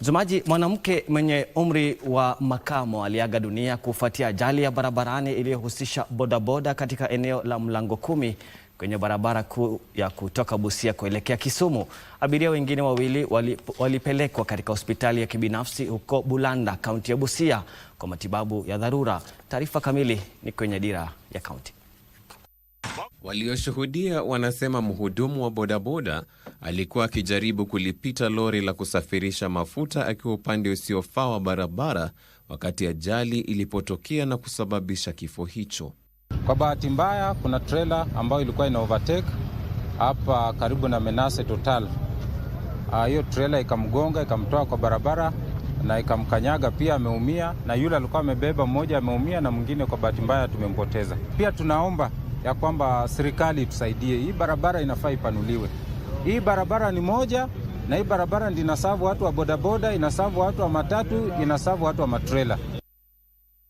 Msomaji, mwanamke mwenye umri wa makamo aliaga dunia kufuatia ajali ya barabarani iliyohusisha bodaboda katika eneo la Mlango Kumi kwenye barabara kuu ya kutoka Busia kuelekea Kisumu. Abiria wengine wawili walipelekwa katika hospitali ya kibinafsi huko Bulanda, kaunti ya Busia kwa matibabu ya dharura. Taarifa kamili ni kwenye dira ya kaunti. Walioshuhudia wanasema mhudumu wa bodaboda alikuwa akijaribu kulipita lori la kusafirisha mafuta akiwa upande usiofaa wa barabara wakati ajali ilipotokea na kusababisha kifo hicho. Kwa bahati mbaya, kuna trela ambayo ilikuwa ina overtake hapa karibu na Menase Total. Ah, hiyo trela ikamgonga, ikamtoa kwa barabara na ikamkanyaga pia, ameumia na yule alikuwa amebeba, mmoja ameumia na mwingine kwa bahati mbaya tumempoteza. Pia tunaomba ya kwamba serikali itusaidie hii barabara inafaa ipanuliwe. Hii barabara ni moja na hii barabara ndi inasavu watu wa bodaboda, inasavu watu wa matatu, inasavu watu wa matrela.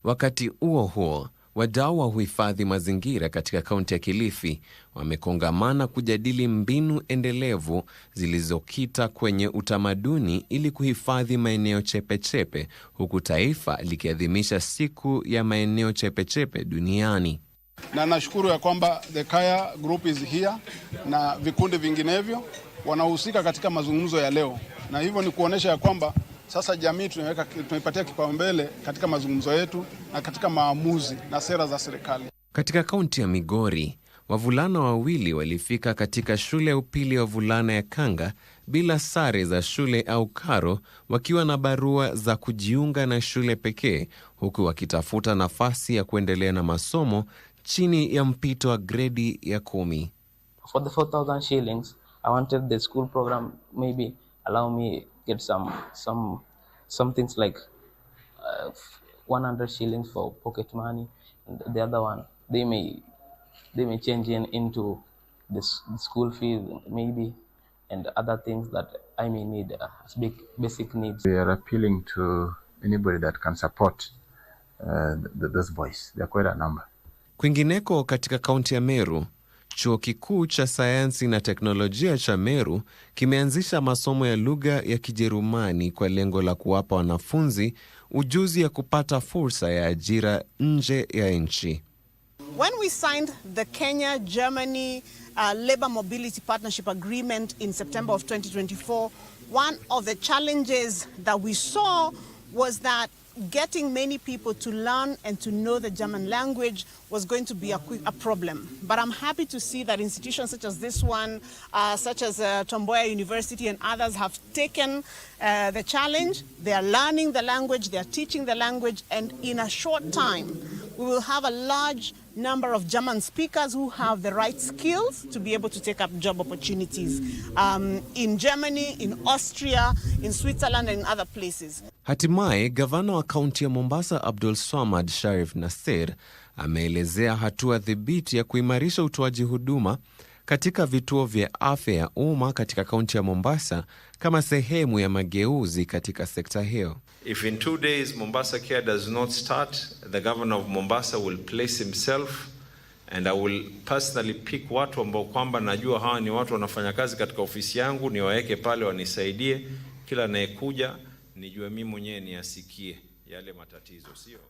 Wakati huo huo, wadau wa uhifadhi mazingira katika kaunti ya Kilifi wamekongamana kujadili mbinu endelevu zilizokita kwenye utamaduni ili kuhifadhi maeneo chepechepe, huku taifa likiadhimisha siku ya maeneo chepechepe duniani na nashukuru ya kwamba the Kaya Group is here na vikundi vinginevyo wanahusika katika mazungumzo ya leo, na hivyo ni kuonesha ya kwamba sasa jamii tunaweka tunaipatia kipaumbele katika mazungumzo yetu na katika maamuzi na sera za serikali. Katika kaunti ya Migori, wavulana wawili walifika katika shule ya upili ya wavulana ya Kanga bila sare za shule au karo, wakiwa na barua za kujiunga na shule pekee, huku wakitafuta nafasi ya kuendelea na masomo chini ya mpito wa gredi ya kumi. For the 4000 shillings I wanted the school program maybe allow me get some some some things like uh, 100 shillings for pocket money and the other one they may they may change in into the school fees maybe and other things that I may need uh, big basic needs. We are appealing to anybody that can support uh, th those boys. They are quite a number. Kwingineko katika kaunti ya Meru, Chuo Kikuu cha Sayansi na Teknolojia cha Meru kimeanzisha masomo ya lugha ya Kijerumani kwa lengo la kuwapa wanafunzi ujuzi ya kupata fursa ya ajira nje ya nchi. When we signed the Kenya Germany uh, Labor Mobility Partnership Agreement in September of 2024, one of the challenges that we saw was that getting many people to learn and to know the German language was going to be a, quick, a problem. But I'm happy to see that institutions such as this one, uh, such as uh, Tomboya University and others have taken uh, the challenge. They are learning the language, they are teaching the language, and in a short time, we will have a large number of German speakers who have the right skills to be able to take up job opportunities um, in Germany, in Austria, in Switzerland and in other places. Hatimaye, gavana wa kaunti ya Mombasa Abdul Swamad Sharif Nasir ameelezea hatua dhibiti ya kuimarisha utoaji huduma katika vituo vya afya ya umma katika kaunti ya Mombasa kama sehemu ya mageuzi katika sekta hiyo. If in two days Mombasa Care does not start, the governor of Mombasa will place himself and I will personally pick watu ambao kwamba najua hawa ni watu wanafanya kazi katika ofisi yangu, niwaweke pale wanisaidie, kila anayekuja nijue mimi mwenyewe niasikie yale matatizo, sio